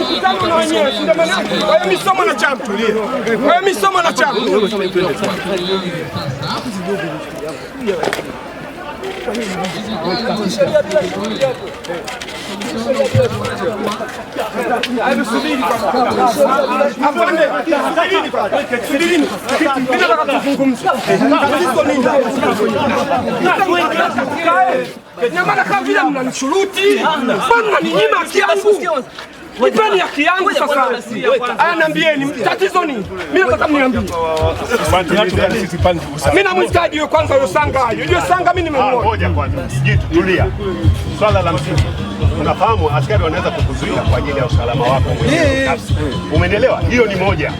mkutano na wenyewe. Kwa hiyo misomo na chama, kwa hiyo misomo na chama Nyamara kama vile mnanishuruti, mbona mnaninyima haki yangu? Nipeni haki yangu sasa. Niambieni tatizo nini? Mimi nataka mniambie. Yaani yaani mimi namhitaji yule kwanza yule Sanga. Yule Sanga mimi nimemwona. Ah, ngoja kwanza. Tulia. Swala la msingi. Unafahamu askari wanaweza kukuzuia kwa ajili ya usalama wako mwenyewe. Eh, eh. Umeelewa? Hiyo ni moja.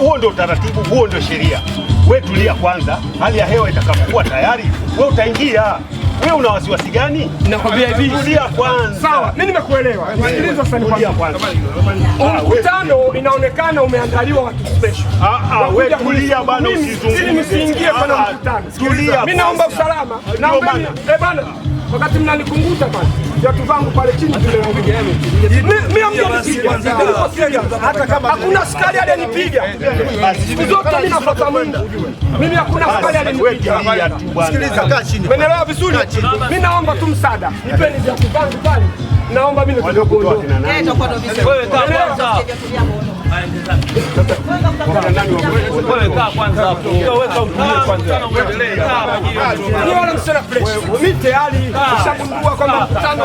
Huo ndio utaratibu, huo ndio sheria. Wewe tulia kwanza. Hali ya hewa itakapokuwa tayari, wewe utaingia. Wewe una wasiwasi gani? Nakwambia hivi. Rudia kwanza. Sawa, mimi nimekuelewa. Sikiliza sasa nikwambia kwanza. Ah, mkutano inaonekana umeandaliwa watu special. Ah ah, wewe kulia bana usizungumze. Mimi nisiingie ah, kwa ah, mkutano. Tulia. Mimi naomba usalama. Naomba. Eh bana wakati mnanikunguta pale viatu vangu pale chini, hakuna askari aliyenipiga siku zote. Mimi nafuata Mungu, mimi hakuna askari aliyenipiga. Sikiliza, kaa chini, umeelewa vizuri? Mimi naomba tu msaada, nipeni viatu vangu pale naomba mimi tayari ushagundua kwamba mkutano